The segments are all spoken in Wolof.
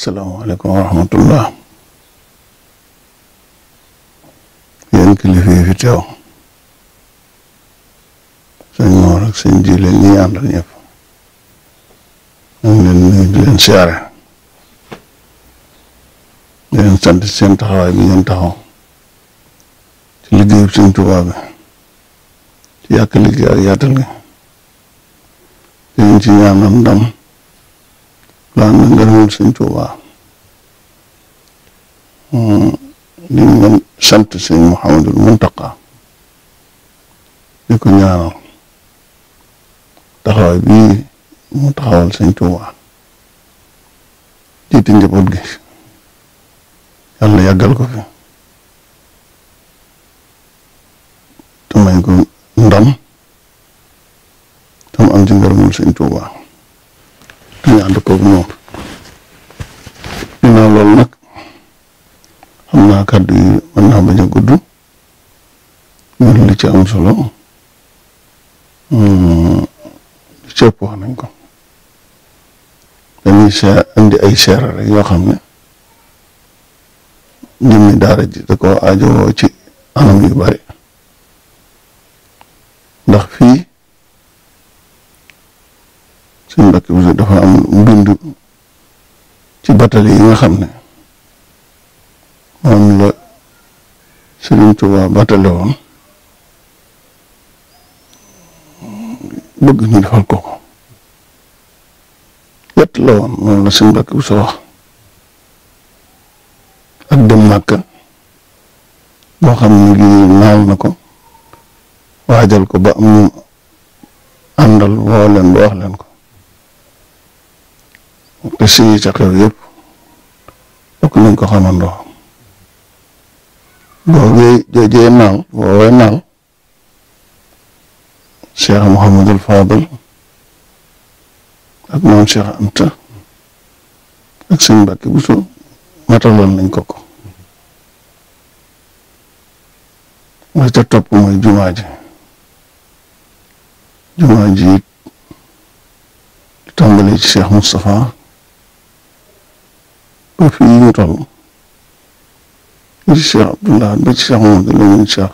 salaamaaleykum wa rahmatullah yéen kilifa yi fi teew sëñ Mor ak sëñ Jili ñi ñu àndal ngi leen nuyu di leen siyaare di leen sant seen taxawaay bi ngeen taxaw ci liggéeyu sëñ Tuubaa bi ci yàq liggéey ak yaatal gi dañ ci ñaanal ndam daan na ngërëmul sëñ Tuubaa li ñu doon sant sëñ Mouhamadul Muntaqa di ko ñaanal taxawaay bii mu taxawal sëñ Tuubaa jiite njaboot gi yàlla yàggal ko fi te may ko ndam tam am ci ngërëmul sëñ Tuubaa dañu ànd koog moom ginnaaw loolu nag xam naa kàddu yi mën naa bañ a gudd ñun li am solo hmm, li ci ëpp nañ ko dañuy se indi ay seera rek xam ne da ko aajowoo ci anam yu bari ndax fii suñ Mbàkke Buso dafa am mbind ci batale yi nga xam ne moom la Sëriñ Tuubaa batale woon bëgg ñu defal ko ko yett la woon moom la suñ Mbàkke ak dem Màkka boo xam ne lii naal na ko waajal ko ba am ñu woo leen ba wax leen ko risques yi ca xew yëpp bokk nañ ko xamandoo boogee joojee maam woowee maam Cheikh Mouhamadul Fadal ak maam Cheikh Anta ak sëñ Mbàkke Buso mataloon nañ ko ko mooy ca topp mooy jumaa ji jumaa ji it ci Cheikh Moustapha ba fii ñu toll ci Cheikh Abdoulaye ba ci Cheikh Mamadou Lamine Cheikh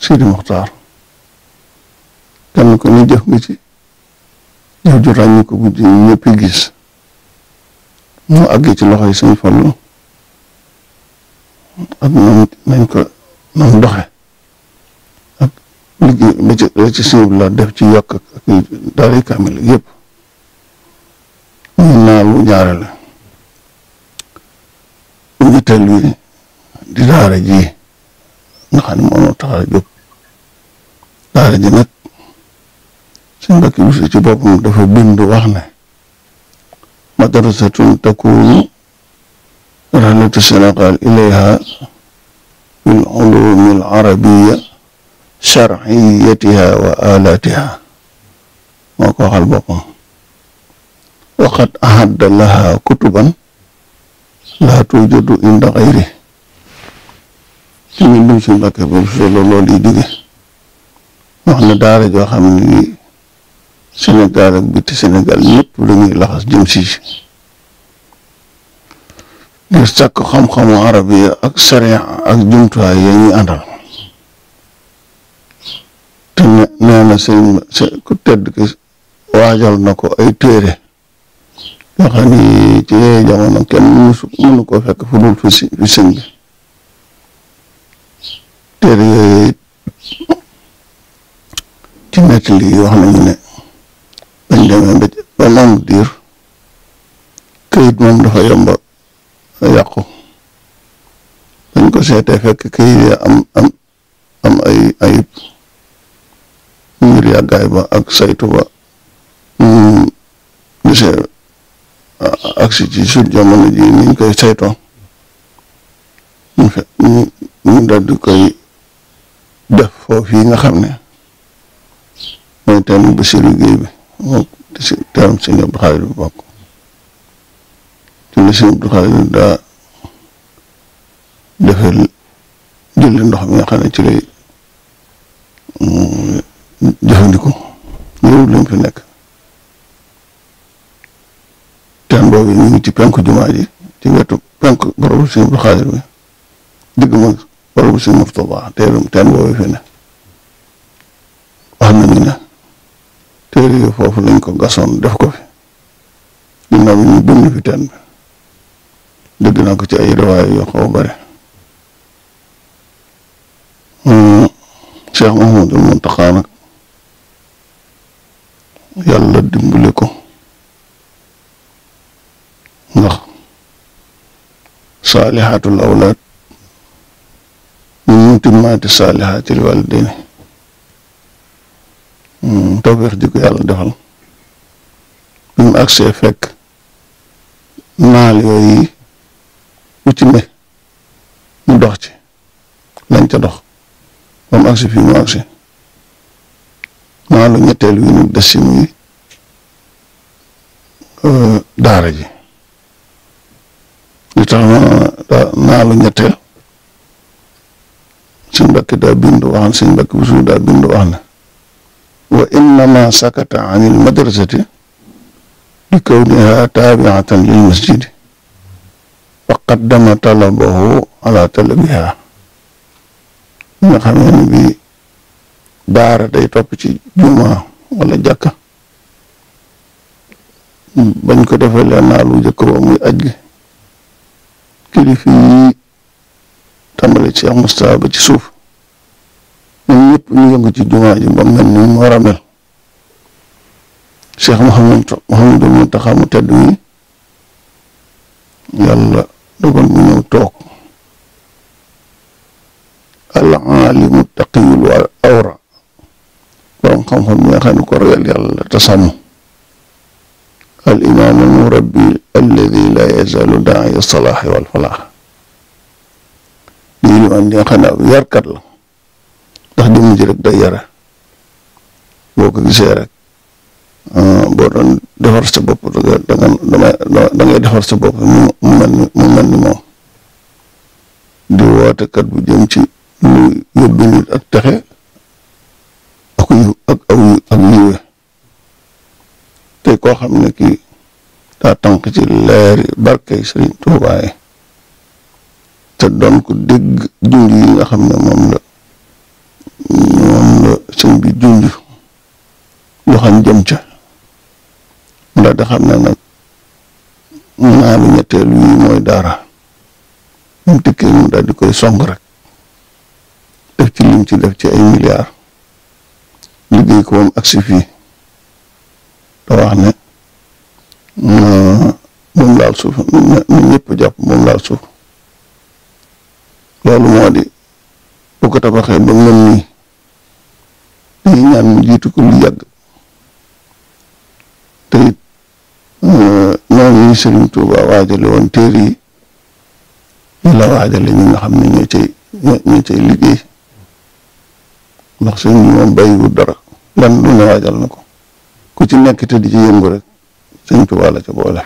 Sidi Mokhtar kenn ko ni jëf nga ci jëf ju ko bu ji ñëpp gis mu ci loxo yi Sëñ Fallu ak nañ nañ ko nañ doxe ak liggéey la ci Sëñ la def ci yokk ak daal di kaamil yëpp muy naalu ñaare la njiital wi di daara ji nga xam ne moom tax a jóg daara ji nag suñ mbokk yi ci boppam dafa bind wax ne madrasatun takunu rahlatu Sénégal ilayha min ulumi al arabiya shar'iyatiha wa alatiha moo ko waxal boppam waqad ahadda laha kutuban laa tuujadu inda xayri ci mbindum si Mbàkke boobu solo loolu yi jóge wax na daara joo xam ne ni Sénégal ak biti Sénégal ñëpp dañuy laxas jëm si ngir sàkk xam arabiya ak sariya ak jumtuwaay ya ñuy àndal te nee na sëñ ku tedd ki waajal na ko ay téere nga xam ni ci yooyu jamono kenn mënu ko fekk fu dul fi fi sëñ bi téere yooyu ci nettali yi wax nañu ne bañ ba ba long diir këyit moom dafa yomba yàqu bañ ko seete fekk këyit ya am am am ay ayib ngir yàggaay ba ak saytu ba mu gisee agsi ci suñ jamono ji niñ koy saytoo ñu fe ñu ñu daal def foofu yi nga xam ne mooy teen bu si liggéey bi moom si teeram si ñëpp xaalis bu bokk ci la si ñëpp xaalis daa defee jël ndox mi nga xam ne ci lay mm, jëfandiku ñëw lañ fi nekk teen boobu ñu ngi ci penku jumaa ji ci wetu penku barabu Sëñ Abdu Xaadir bi digg ma barabu Sëñ Murtadaa teelum teen boobu fi ne wax nañu ne téere yi foofu lañ ko gasoon def ko fi fi teen bi dégg naa ko ci ay riwaay bare xaw bari Cheikh Mahmoudul Muntaxa nag yàlla ndax saalihaatul awlaad min mutimmaati saalihaatil waalidayni hmm, tawfeex ji ko yàlla defal bi mu agsee fekk naal yooyu wu ci ne mu dox ci lañ ca dox ba mu agsi fii mu agsi naalu ñetteel wi euh, ji li tax naa lu ñetteel suñ mbokk daa bind wax na suñ mbokk bu suuf daa bind wax na wa innama sakata anil madrasati li kawniha taabiatan lil masjidi fa qaddama talabahu ala talabiha nga xamee ni bi daara day topp ci wala jàkka bañ ko defalee naa lu jëkk ba muy kilifa yi tàmbali ci am mustaba ci suuf ñu ñep ñu yëngu ci juma ji ba mel ni mo war mel Cheikh mohammed mohammed Muntaxa mu tedd mi yàlla dogal mu ñëw tok al alim taqiyul awra borom xam-xam nga xam ko ragal yàlla al imaam al murabbi alladi laa yazaalu daa'iya salaaxi wal falaax di limaam di nga xam ne ab yarkat la ndax di mujj rek day yara boo ko gisee rek ah, boo doon defar sa bopp danga danga da ngay defar sa bopp mu mel ni mu mel ni moom di woote kat bu jëm ci lu yóbbu nit ak texe ak ak aw ak yiwe te ko xam ki kii daa tànk ci leeri barkey sëriñ Tuubaa yi te don ko deg junj yi nga xam mom la mom la sëñ bi junj xam jëm ca nda da xam ne nag naa ñettel ñetteel moy dara daara mu tikkee mu daal di koy song rek def ci lim ci def ci ay milliards liggéey ko moom ak si fii da wax ne euh, moom laal suuf na ñëpp jàpp moom laal suuf loolu moo di bu ko tabaxee ba mel nii dañuy ñaan mu jiitu ko lu yàgg te it euh, noonu yi Sëriñ Tuuba waajale woon téer yi la waajale ñi nga xam ne ce cay ñoo cay liggéey ndax sëñ bi lan lu ne waajal na ko ku ci nekk te di ci yëngu rek sëñ Tuubaa la ca boole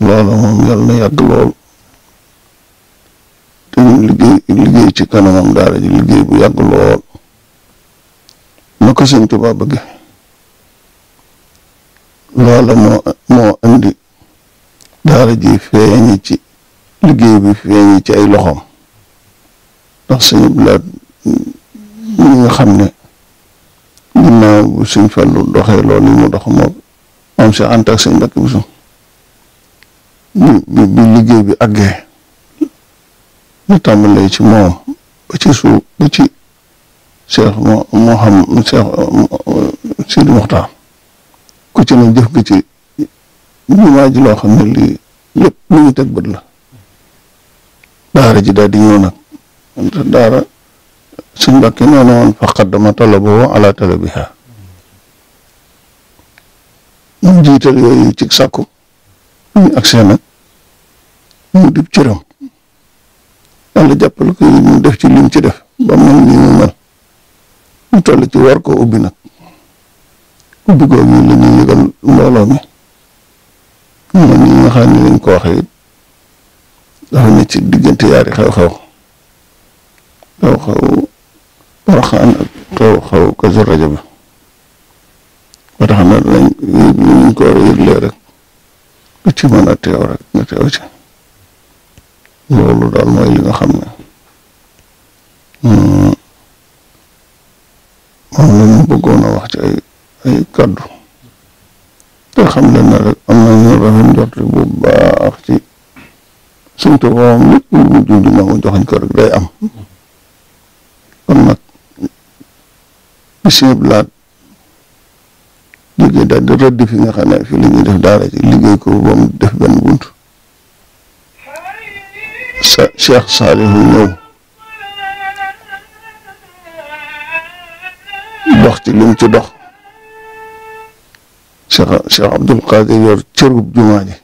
loolu moom yàlla na yàgg lool te ñu liggéey ci kanamam daara ji liggéey bu yàgg lool na ko sëñ Tuubaa bëgge loolu moo moo indi daara ji feeñi ci bi feeñi ci ay loxoom ndax sëñ Abdulaay ñi nga ne ginnaaw bu sëñ Fallu doxee loolu yi mu dox moom moom Anta ak sëñ Mbàkke Buso bi bi liggéey bi àggee ñu tàmbalee ci moom ba ci suuf ba ci moo moo xam Cheikh Sidi Moxtaar ku ci ne jëf nga ci jumaa ji loo xam ne lii lépp lu ñu teg daara ji daal di ñëw nag daara suñ mbàkki woon faqad dama talaboo mu jiital yooyu ci sàkku bu ñu agsee nag mu dib cëram yàlla jàppal mu def ci lim ci def ba man lii mu mel mu toll ci war ubbi nag ubbi googu la ñuy yëgal mbooloo mi moom ñi nga xam ne ko waxee it dafa ne ci diggante yaari xew-xew xew-xew Porokhane ak xew ba tax na ñu ko war a rek ku ci mën a rek nga teew ci loolu daal mooy li nga xam ne hmm. moom la ñu bëggoon ay ay kàddu te xam leen rek am nañu rafet njort bu baax ci suñu tubaab lépp lu junj ma mu joxañ ko rek day am kon nag bisieb laat liggéey daal di rëdd fi nga xam ne fi la ñuy def daara ci liggéey ko ba def ben bunt sa Cheikh Saalihu ñëw dox ci lim ci dox Cheikh Cheikh Abdul Qadir yor cërub jumaa ji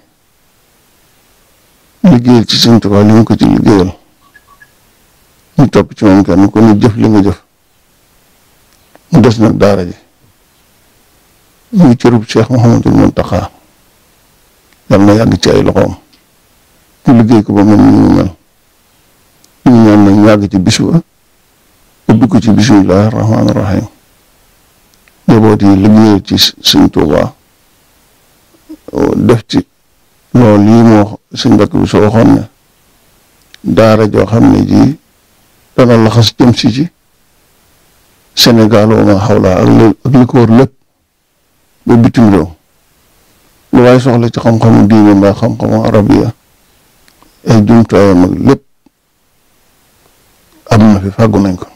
liggéeyal ci Sëñ Tuubaa li mu ko ci liggéeyal ñu topp ci moom kenn ku ne jëf li nga jëf mu nag daara ji muy cërub Cheikh Mouhamadul Mountakha yal na yàgg ci ay loxoom ñu liggéey ko ba mel mu mel ñu ñaan nañ ci bisu ba ubbi ci bismillahi rahmaani rahim liggéey ci Sëñ Tuubaa def ci loolu lii moo suñ ne daara joo xam ne ji dana laxas jëm si ci Sénégal wala xawla ak li ko lépp ba bitim réew lu waaye soxla ci xam-xamu diine mbaa xam-xamu arabiya ay jumtuwaayam ak lépp am na fi fàggu nañ ko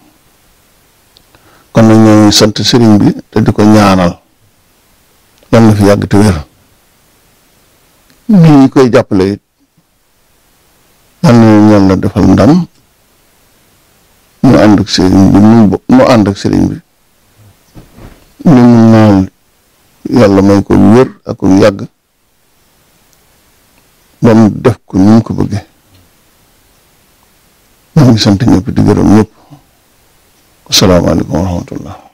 kon nag sant sëriñ bi te di ko ñaanal lan na fi yàgg te wér ñi koy jàppale it yal na leen yàlla defal ndam ñu ànd ak sëriñ bi mu ànd ak sëriñ bi yàlla may ko wér ak ko yàgg moom def ko ni mu ko bëggee ñoo ngi sant ñëpp di gërëm ñëpp asalaamaaleykum wa rahmatullah